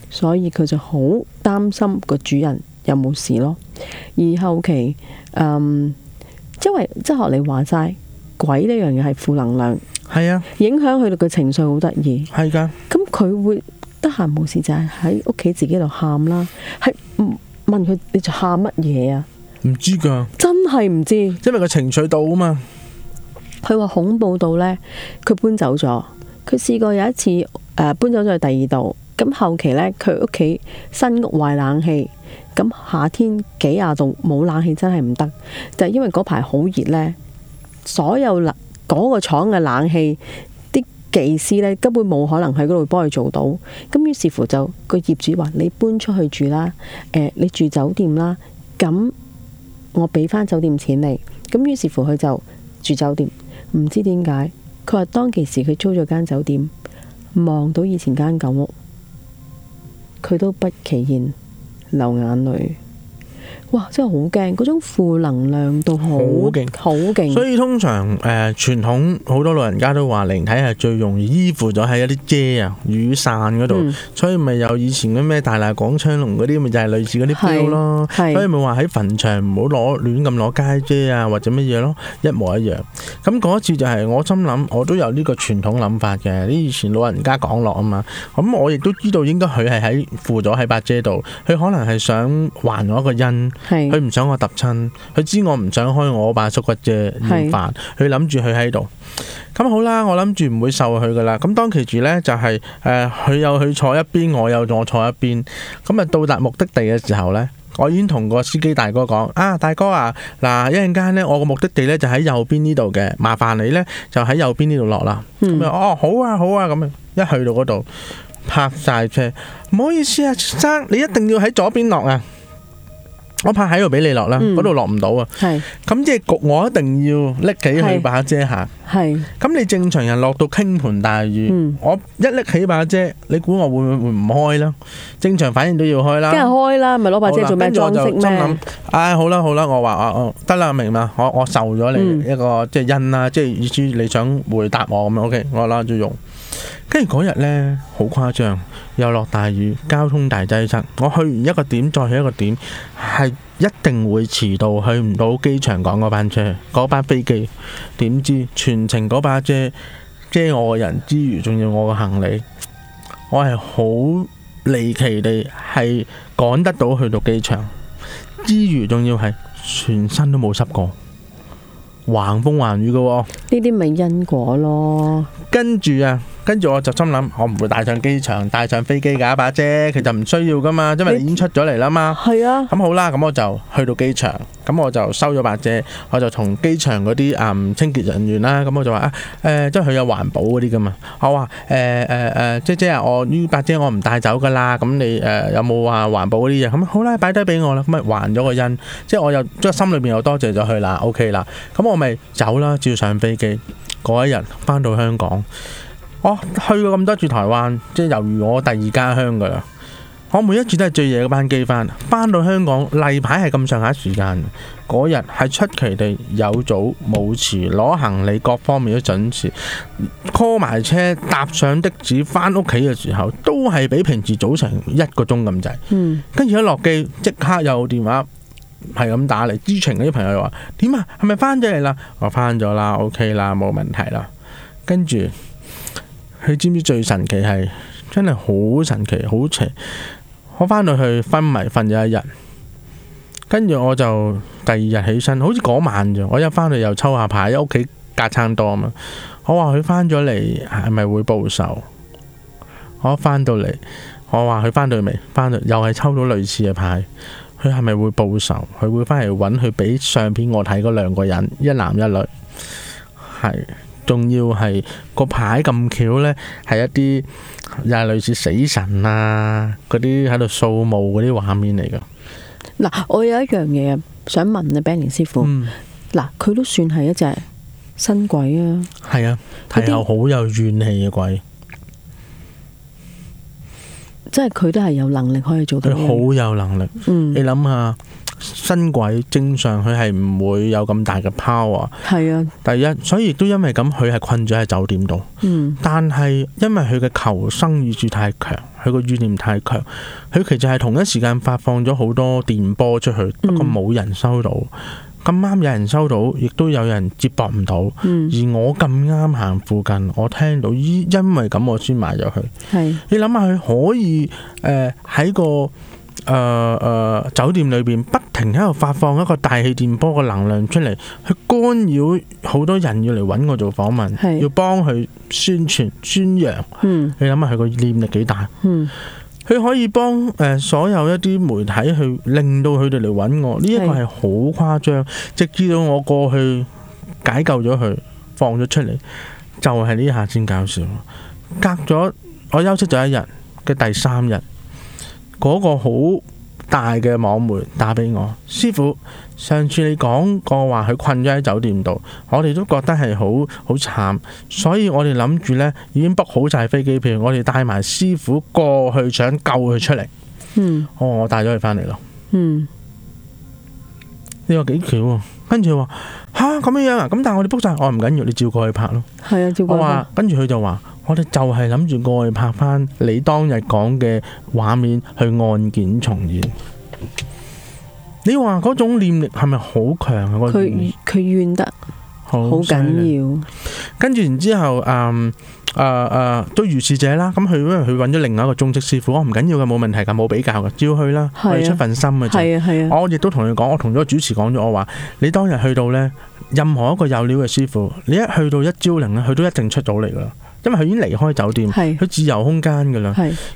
所以佢就好擔心個主人有冇事咯。而後期，嗯、因為即係學你話齋，鬼呢樣嘢係負能量，係啊，影響佢哋嘅情緒好得意，係噶的。咁佢會得閒冇事就喺屋企自己度喊啦。係問佢，你就喊乜嘢啊？唔知㗎，真係唔知，因為個情緒到啊嘛。佢話恐怖到呢，佢搬走咗。佢試過有一次，誒、呃、搬走咗去第二度。咁、嗯、後期呢，佢屋企新屋壞冷氣，咁、嗯、夏天幾廿度冇冷氣真係唔得。就係、因為嗰排好熱呢。所有冷嗰個廠嘅冷氣啲技師呢，根本冇可能喺嗰度幫佢做到。咁、嗯、於是乎就個業主話：你搬出去住啦、呃，你住酒店啦。咁、嗯、我俾返酒店錢你。咁、嗯、於是乎佢就住酒店。唔知點解，佢話當其時，佢租咗間酒店，望到以前間舊屋，佢都不期然流眼淚。哇！真係好驚，嗰種負能量都好勁，好勁。所以通常誒、呃、傳統好多老人家都話靈體係最容易依附咗喺一啲遮啊雨傘嗰度，嗯、所以咪有以前嘅咩大鬧廣昌隆嗰啲咪就係、是、類似嗰啲標咯。所以咪話喺墳場唔好攞亂咁攞街遮啊或者乜嘢咯，一模一樣。咁嗰一次就係我心諗，我都有呢個傳統諗法嘅，啲以前老人家講落啊嘛。咁我亦都知道應該佢係喺附咗喺把遮度，佢可能係想還我一個恩。佢唔 想我揼親，佢知我唔想開我把縮骨嘅軟飯，佢諗住佢喺度，咁好啦，我諗住唔會受佢噶啦。咁當其住呢，就係、是、誒，佢、呃、有佢坐一邊，我有我坐一邊。咁啊，到達目的地嘅時候呢，我已經同個司機大哥講啊，大哥啊，嗱一陣間呢，我個目的地呢就喺右邊呢度嘅，麻煩你呢，就喺右邊呢度落啦。咁啊、嗯、哦，好啊好啊咁樣，一去到嗰度拍晒車，唔好意思啊，先生，你一定要喺左邊落啊。我怕喺度俾你落啦，嗰度、嗯、落唔到啊。係是，咁即係焗，我一定要拎起去把遮下。係是，咁你正常人落到傾盆大雨，嗯、我一拎起把遮，你估我會唔會唔開啦？正常反應都要開啦。梗係開啦，咪攞把遮啦做咩裝飾咩？想想麼唉，好啦好啦，我話啊啊，得、哦、啦，明嘛，我我受咗你、嗯、一個即係恩啦，即係意思你想回答我咁 OK 我攞住用。跟住嗰日呢，好誇張，又落大雨，交通大擠塞。我去完一個點，再去一個點，係一定會遲到，去唔到機場趕嗰班車、嗰班飛機。點知全程嗰把遮遮我個人之餘，仲要我嘅行李，我係好離奇地係趕得到去到機場之餘，仲要係全身都冇濕過，橫風橫雨㗎喎。呢啲咪因果咯。跟住啊！跟住我就心諗，我唔會帶上機場，帶上飛機架把遮。其實唔需要噶嘛，因為你已經出咗嚟啦嘛。係啊，咁好啦，咁我就去到機場，咁我就收咗把遮，我就同機場嗰啲誒清潔人員啦。咁我就話啊，誒即係佢有環保嗰啲噶嘛。我話誒誒誒，即係即係我呢把遮我唔帶走噶啦。咁你誒有冇話環保嗰啲嘢？咁好啦，擺低俾我啦。咁咪還咗個恩，即係我又即係心裏邊又多謝咗佢啦。O K 啦，咁我咪走啦，照上飛機嗰一日翻到香港。我、哦、去過咁多次台灣，即係猶如我第二家鄉噶啦。我每一次都係最夜班機翻，翻到香港例牌係咁上下時間。嗰日係出奇地有早冇遲，攞行李各方面都準時，call 埋車搭上的士翻屋企嘅時候，都係比平時早成一個鐘咁滯。嗯，跟住一落機即刻有電話係咁打嚟，之前嗰啲朋友又話：點啊？係咪翻咗嚟啦？我翻咗啦，OK 啦，冇問題啦。跟住。佢知唔知，最神奇係，真係好神奇好邪？我返到去昏迷瞓咗一日，跟住我就第二日起身，好似嗰晚咋。我一返到又抽下牌，因屋企隔餐多啊嘛。我話佢返咗嚟係咪會報仇？我一返到嚟，我話佢返到未？返到又係抽到類似嘅牌，佢係咪會報仇？佢會返嚟揾佢俾相片我睇嗰兩個人，一男一女，係。仲要係個牌咁巧咧，係一啲又係類似死神啊嗰啲喺度掃墓嗰啲畫面嚟㗎。嗱，我有一樣嘢想問啊，Benning 師傅。嗱，佢都算係一隻新鬼啊。係啊，係有好有怨氣嘅鬼，即係佢都係有能力可以做到。佢好有能力。嗯，你諗下。新鬼正常佢係唔會有咁大嘅 power。係啊，第一，所以亦都因為咁，佢係困住喺酒店度。嗯、但係因為佢嘅求生意志太強，佢個意念太強，佢其實係同一時間發放咗好多電波出去，不過冇人收到。咁啱有人收到，亦都有人接駁唔到。嗯、而我咁啱行附近，我聽到依，因為咁我先埋咗佢。是你諗下佢可以喺、呃、個。誒誒、呃呃，酒店裏邊不停喺度發放一個大氣電波嘅能量出嚟，去干擾好多人要嚟揾我做訪問，是要幫佢宣傳宣揚。揚，嗯、你諗下佢個念力幾大？佢、嗯、可以幫誒、呃、所有一啲媒體去令到佢哋嚟揾我，呢、這、一個係好誇張。是直至到我過去解救咗佢，放咗出嚟，就係呢下先搞笑。隔咗我休息咗一日嘅第三日，嗰個好大嘅網媒打俾我，師傅，上次你講過話佢困咗喺酒店度，我哋都覺得係好好慘，所以我哋諗住呢已經 book 好晒飛機票，我哋帶埋師傅過去想救佢出嚟。嗯，哦，我帶咗佢返嚟咯。嗯，呢個幾巧、啊。跟住話吓咁樣啊，咁但係我哋 book 晒，我唔緊要，你照過去拍咯。係啊，照過去。我話跟住佢就話。我哋就係諗住過去拍翻你當日講嘅畫面去案件重現。你話嗰種念力係咪好強啊？佢佢怨得好緊要。跟住然之後，嗯，誒誒，都如是者啦。咁佢因為佢揾咗另外一個中職師傅，我唔緊要嘅，冇問題嘅，冇比較嘅，只要去啦，去出份心嘅啫。係啊係啊。我亦都同佢講，我同咗個主持講咗，我話你當日去到咧，任何一個有料嘅師傅，你一去到一招靈咧，佢都一定出到嚟噶啦。因為佢已經離開酒店，佢是自由空間嘅啦。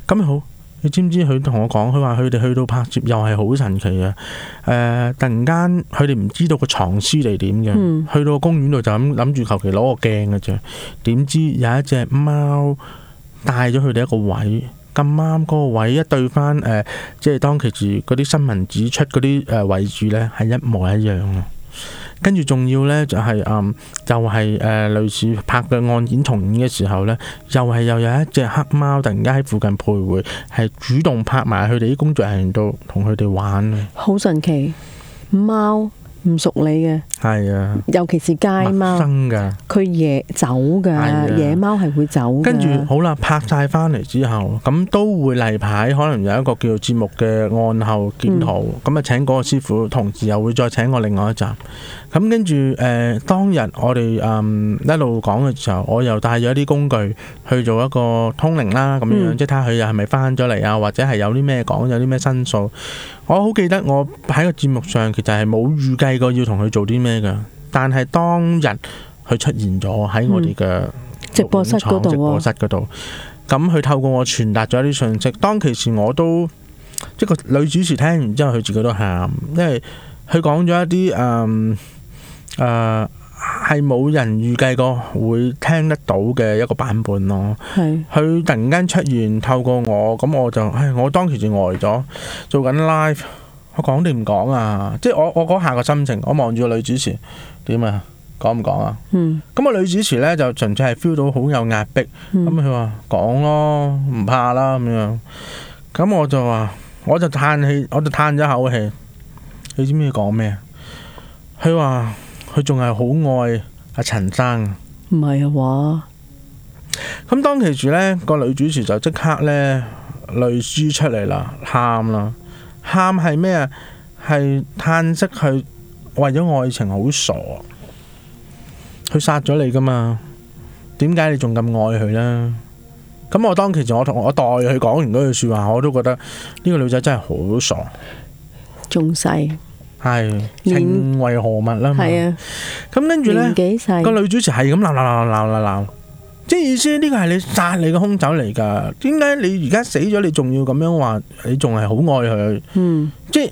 咁又是好，你知唔知佢同我講，佢話佢哋去到拍攝又係好神奇嘅。誒、呃，突然間佢哋唔知道個藏屍地點嘅，嗯、去到公園度就咁諗住求其攞個鏡嘅啫。點知有一隻貓帶咗佢哋一個位，咁啱嗰個位一對翻誒、呃，即係當其時嗰啲新聞指出嗰啲誒位置呢，係一模一樣。跟住仲要咧，就係嗯，就係誒，類似拍嘅案件重演嘅時候咧，又係又有一隻黑貓突然間喺附近徘徊，係主動拍埋佢哋啲工作人員度同佢哋玩嘅。好神奇，貓唔熟你嘅。係啊，尤其是街貓。陌生㗎。佢野走㗎，野貓係會走。跟住好啦，拍曬翻嚟之後，咁都會例牌，可能有一個叫做節目嘅案後檢討。咁啊請嗰個師傅，同時又會再請我另外一集。咁跟住誒、呃，當日我哋、嗯、一路講嘅時候，我又帶咗啲工具去做一個通靈啦，咁樣即睇下佢又係咪返咗嚟啊？或者係有啲咩講，有啲咩申訴？我好記得我喺個節目上其實係冇預計過要同佢做啲咩嘅，但係當日佢出現咗喺我哋嘅、嗯、直播室嗰度。咁佢透過我傳達咗一啲訊息。當其時我都即個女主持聽完之後，佢自己都喊，因為佢講咗一啲誒。嗯誒係冇人預計過會聽得到嘅一個版本咯。係佢是突然間出現，透過我，咁我就唉，我當其時呆咗，做緊 live，我講定唔講啊？即係我我嗰下個心情，我望住個女主持點啊？講唔講啊？嗯，咁個女主持呢，就純粹係 feel 到好有壓迫，咁佢話講咯，唔怕啦咁樣。咁我就話，我就嘆氣，我就嘆咗口氣。你知唔知講咩？佢話。佢仲係好愛阿陳生，唔係啊話。咁 當其時呢，個女主持就即刻呢，淚珠出嚟啦，喊啦，喊係咩啊？係嘆息佢為咗愛情好傻，佢殺咗你噶嘛？點解你仲咁愛佢呢？咁我當其時我同我代佢講完嗰句說話，我都覺得呢個女仔真係好傻，仲細。係情為何物啦？係啊，咁跟住咧，個女主持係咁鬧鬧鬧鬧鬧鬧，即係意思呢個係你殺你嘅兇手嚟噶？點解你而家死咗，你仲要咁樣話？你仲係好愛佢？嗯，即係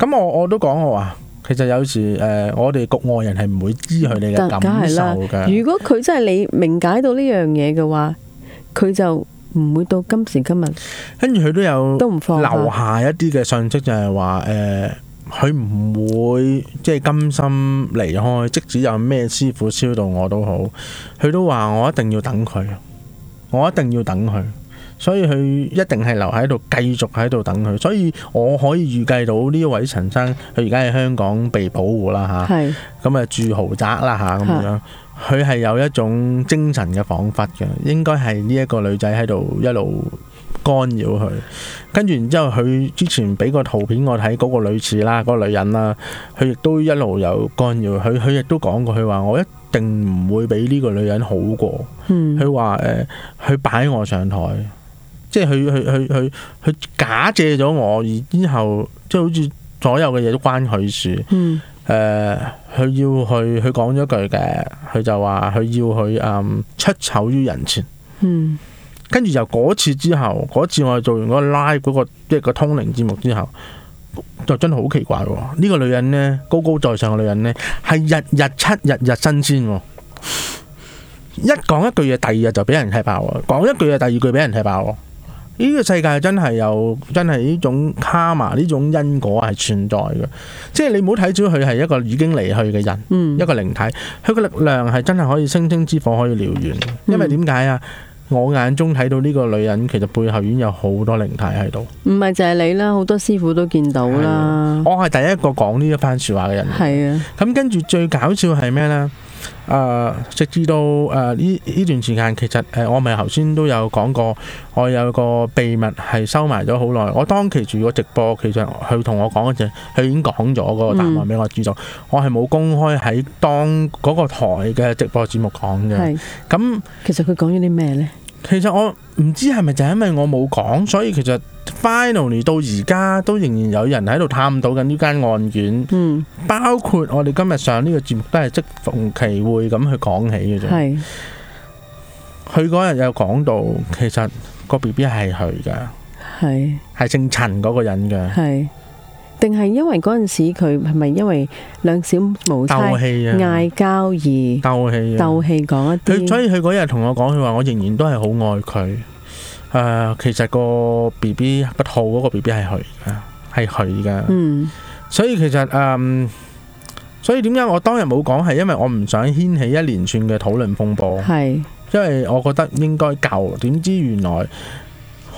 咁，我我都講，我話其實有時誒、呃，我哋局外人係唔會知佢哋嘅感受嘅。如果佢真係你明解到呢樣嘢嘅話，佢就唔會到今時今日。跟住佢都有都唔放留下一啲嘅信息，就係話誒。呃佢唔會即係甘心離開，即使有咩師傅超度我都好，佢都話我一定要等佢，我一定要等佢，所以佢一定係留喺度，繼續喺度等佢，所以我可以預計到呢位陳生，佢而家喺香港被保護啦吓，咁啊是、嗯、住豪宅啦吓咁樣，佢、嗯、係是有一種精神嘅恍惚嘅，應該係呢一個女仔喺度一路。干擾佢，跟住然之後佢之前俾個圖片我睇嗰個女士啦，嗰個女人啦，佢亦都一路有干擾佢，佢亦都講過，佢話我一定唔會俾呢個女人好過。嗯，佢話誒，佢擺我上台，即係佢佢佢佢佢假借咗我，然之後即係好似所有嘅嘢都關佢事。誒、嗯，佢要去，佢講咗句嘅，佢就話佢要去誒出醜於人前。嗯。跟住由嗰次之後，嗰次我做完嗰個 live 嗰、那個即係個通靈節目之後，就真係好奇怪喎、哦！呢、這個女人呢，高高在上嘅女人呢，係日日出日日新鮮、哦，一講一句嘢，第二日就俾人踢爆、哦，講一句嘢，第二句俾人踢爆、哦。呢、這個世界真係有真係呢種卡瑪，呢種因果係存在嘅，即係你唔好睇住佢係一個已經離去嘅人，嗯、一個靈體，佢個力量係真係可以星星之火可以燎原。嗯、因為點解啊？我眼中睇到呢個女人，其實背後已經有好多靈體喺度。唔係就係你啦，好多師傅都見到啦。我係第一個講呢一番說話嘅人。係啊的。咁跟住最搞笑係咩呢？誒、呃，直至到誒呢呢段時間，其實誒、呃、我咪頭先都有講過，我有個秘密係收埋咗好耐。我當期住個直播，其實佢同我講嘅時候，佢已經講咗個答案俾我知道。嗯、我係冇公開喺當嗰個台嘅直播節目講嘅。咁是那其實佢講咗啲咩呢？其實我唔知係咪就係因為我冇講，所以其實 finally 到而家都仍然有人喺度探討緊呢間案件，嗯，包括我哋今日上呢個節目都係即逢其會咁去講起嘅啫。係是，佢嗰日有講到，其實個 B B 係佢嘅，係係是姓陳嗰個人嘅，係。定係因為嗰陣時佢係咪因為兩小無猜嗌交，而鬥氣，啊？鬥氣講一啲。所以佢嗰日同我講，佢話我仍然都係好愛佢。誒、呃，其實個 B B 不好嗰個 B B 係佢，係佢噶。嗯。所以其實誒，所以點解我當日冇講？係因為我唔想掀起一連串嘅討論風波。係是。因為我覺得應該夠。點知原來。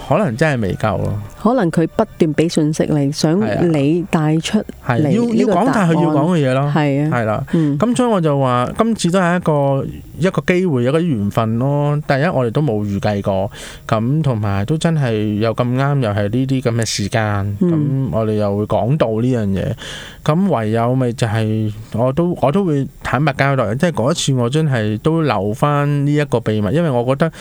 可能真係未夠咯，可能佢不斷俾訊息嚟，想你帶出，要要講下佢要講嘅嘢咯，係啊，係啦，咁所以我就話今次都係一個一個機會，一個緣分咯。第一我哋都冇預計過，咁同埋都真係又咁啱，又係呢啲咁嘅時間，咁我哋又會講到呢樣嘢，咁唯有咪就係我都我都會坦白交代，即係嗰一次我真係都留翻呢一個秘密，因為我覺得。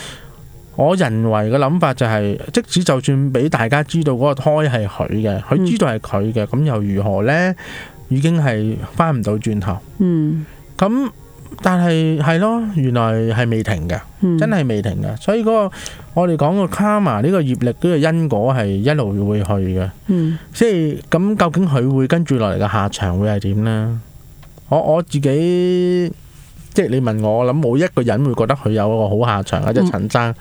我人為嘅諗法就係，即使就算俾大家知道嗰個胎係佢嘅，佢知道係佢嘅，咁又如何呢？已經係翻唔到轉頭。嗯，咁但係係咯，原來係未停嘅，真係未停嘅。所以嗰個我哋講個卡嘛呢個業力，呢個因果係一路會去嘅。即係咁，究竟佢會跟住落嚟嘅下場會係點呢？我我自己。即係你問我，我諗冇一個人會覺得佢有一個好下場啊！嗯、即係陳生，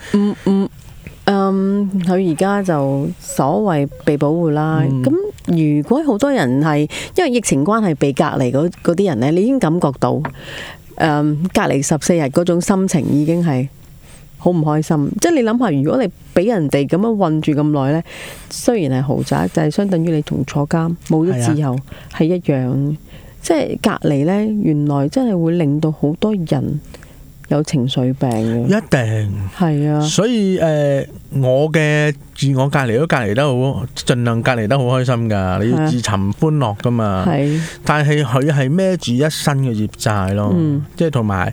唔，佢而家就所謂被保護嘅啦。咁、嗯、如果好多人係因為疫情關係被隔離嗰啲人咧，你已經感覺到誒、嗯、隔離十四日嗰種心情已經係好唔開心。即係你諗下，如果你俾人哋咁樣困住咁耐咧，雖然係豪宅，就係、是、相等於你同坐監，冇咗自由係一樣。即係隔離呢，原來真係會令到好多人有情緒病嘅，一定係是啊。所以誒、呃，我嘅自我隔離都隔離得好，盡量隔離得好開心噶。你要是、啊、自尋歡樂噶嘛。是啊、但係佢係孭住一身嘅業債咯，嗯、即係同埋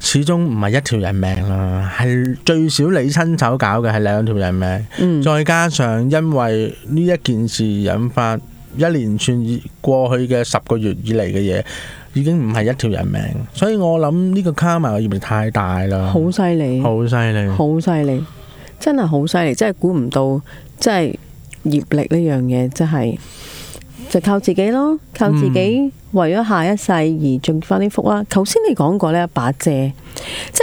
始終唔係一條人命啦。係最少你親手搞嘅係兩條人命，嗯、再加上因為呢一件事引發。一連串過去嘅十個月以嚟嘅嘢，已經唔係一條人命，所以我諗呢個卡埋，嘅業力太大啦。好犀利！好犀利！好犀利！真係好犀利，真係估唔到，即係業力呢樣嘢，真係就靠自己咯，靠自己為咗下一世而盡翻啲福啦。頭先、嗯、你講過呢把遮，即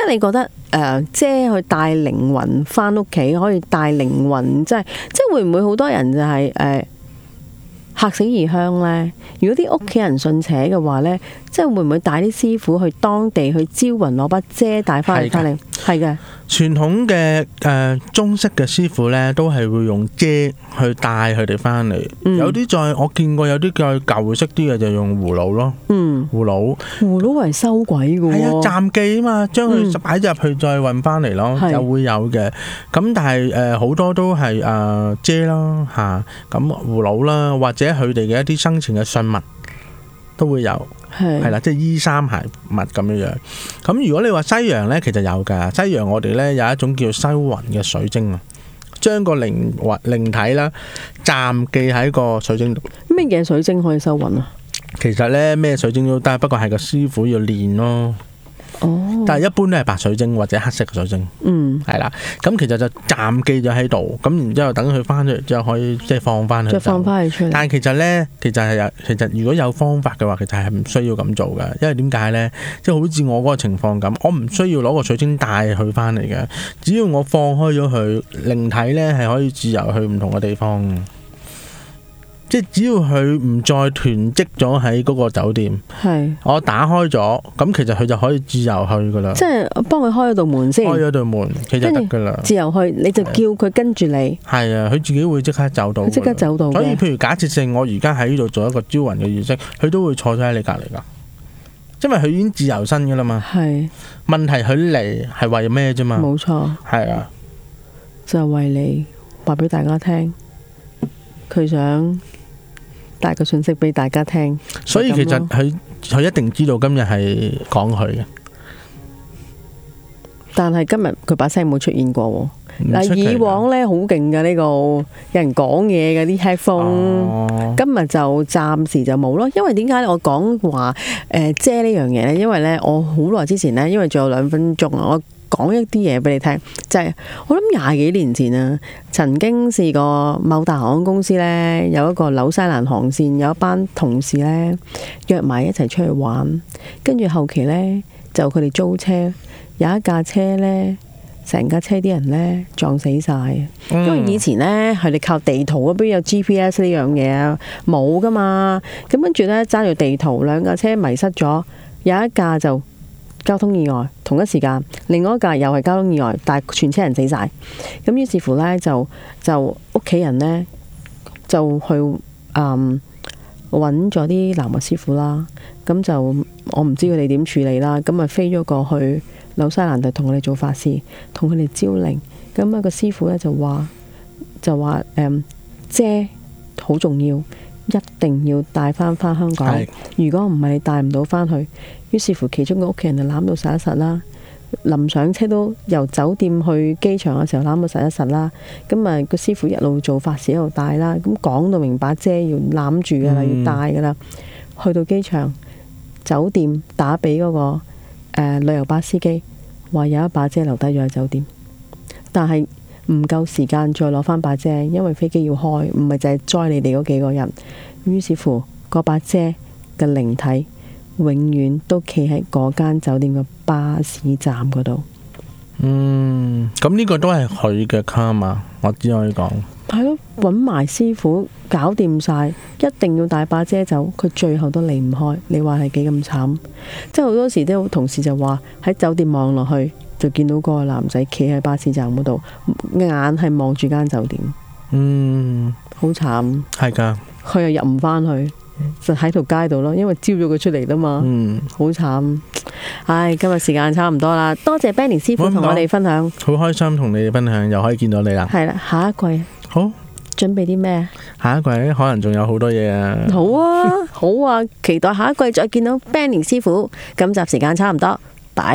係你覺得誒、遮、呃、去帶靈魂翻屋企，可以帶靈魂，即係即係會唔會好多人就係、是、誒？呃吓死異鄉咧！如果啲屋企人信邪嘅話咧，即係會唔會帶啲師傅去當地去招魂攞把遮帶翻嚟翻嚟？係嘅，傳是統嘅誒、呃、中式嘅師傅咧，都係會用遮去帶佢哋翻嚟。嗯、有啲再我見過有啲再舊式啲嘅就用葫蘆咯，嗯葫蘆，葫蘆，葫蘆為收鬼嘅、啊，係、嗯呃呃、啊，暫寄啊嘛，將佢擺入去再運翻嚟咯，就會有嘅。咁但係誒好多都係誒遮咯吓，咁葫蘆啦，或者佢哋嘅一啲生前嘅信物都會有。係，係啦是，即係衣衫鞋襪咁樣樣。咁如果你話西洋咧，其實有噶西洋，我哋咧有一種叫做收魂嘅水晶啊，將個靈魂靈體啦，暫寄喺個水晶度。咩嘢水晶可以收魂啊？其實咧咩水晶都得，不過係個師傅要練咯。哦，但係一般都係白水晶或者黑色嘅水晶，嗯，係啦，咁其實就暫記咗喺度，咁然之後等佢翻出之後可以即係放翻去。但係其實咧，其實係有，其實如果有方法嘅話，其實係唔需要咁做噶。因為點解咧？即係好似我嗰個情況咁，我唔需要攞個水晶帶佢翻嚟嘅，只要我放開咗佢，靈體咧係可以自由去唔同嘅地方。即只要佢唔再囤積咗喺嗰個酒店，是我打開咗，咁其實佢就可以自由去噶啦。即係我幫佢開咗道門先。開咗道門，佢就得噶啦。自由去，是你就叫佢跟住你。係啊，佢自己會即刻走到。即刻走到。所以，譬如假設性，我而家喺呢度做一個招魂嘅儀式，佢都會坐咗喺你隔籬噶，因為佢已經自由身噶啦嘛。係是。問題佢嚟係為咩啫嘛？冇錯錯。係啊。就係為你話俾大家聽，佢想。帶個信息，俾大家聽，所以其實佢佢一定知道今日係講佢嘅，但係今日佢把聲冇出現過。嗱，以往呢，好勁嘅呢個，有人講嘢嘅啲 headphone，哦、今日就暫時就冇咯。因為點解我講話誒、呃、遮呢樣嘢呢？因為呢，我好耐之前呢，因為仲有兩分鐘啊，我。講一啲嘢俾你聽，就係我諗廿幾年前啊，曾經試過某大航空公司呢有一個紐西蘭航線，有一班同事呢約埋一齊出去玩，跟住後期呢，就佢哋租車，有一架車呢，成架車啲人呢撞死晒。因為以前呢係你靠地圖，邊有 GPS 呢樣嘢啊，冇㗎嘛，咁跟住呢，揸住地圖兩架車迷失咗，有一架就。交通意外，同一時間，另外一架又係交通意外，但係全車人死晒。咁於是乎呢，就就屋企人呢，就去揾咗啲南岳師傅啦。咁就我唔知佢哋點處理啦。咁咪飛咗過去紐西蘭度同佢哋做法事，同佢哋招靈。咁、那、啊個師傅呢，就話就話誒、嗯、遮好重要。一定要帶返返香港。如果唔係，你帶唔到返去，於是乎其中嘅屋企人就攬到實一實啦。臨上車都由酒店去機場嘅時候攬到實一實啦。咁啊，個師傅一路做法事一路帶啦。咁講到明把遮要攬住㗎喇，要帶㗎喇。嗯、去到機場，酒店打俾嗰、嗰個、呃、旅遊巴司機，話有一把遮留低咗喺酒店，但係，唔夠時間再攞返把遮，因為飛機要開，唔係淨係載你哋嗰幾個人。於是乎，嗰把遮嘅靈體永遠都企喺嗰間酒店嘅巴士站嗰度。嗯。嗯、咁、這、呢個都係佢嘅卡嘛，我只可以講。係咯，嗯，揾埋師傅搞掂晒，一定要帶把遮走。佢最後都離唔開，你話係幾咁慘？即係好多時都有同事就話喺酒店望落去。就見到個男仔企喺巴士站嗰度，眼係望住間酒店。嗯，好慘。係㗎的，佢又入唔返去，就喺條街度咯。因為招咗佢出嚟吖嘛。嗯，好慘。唉，今日時間差唔多啦，多謝 Benning 師傅同我哋分享。好開心同你哋分享，又可以見到你啦。係啦，下一季。好，準備啲咩？下一季可能仲有多、啊、好多嘢啊。好啊，好啊，期待下一季再見到 Benning 師傅。今集時間差唔多。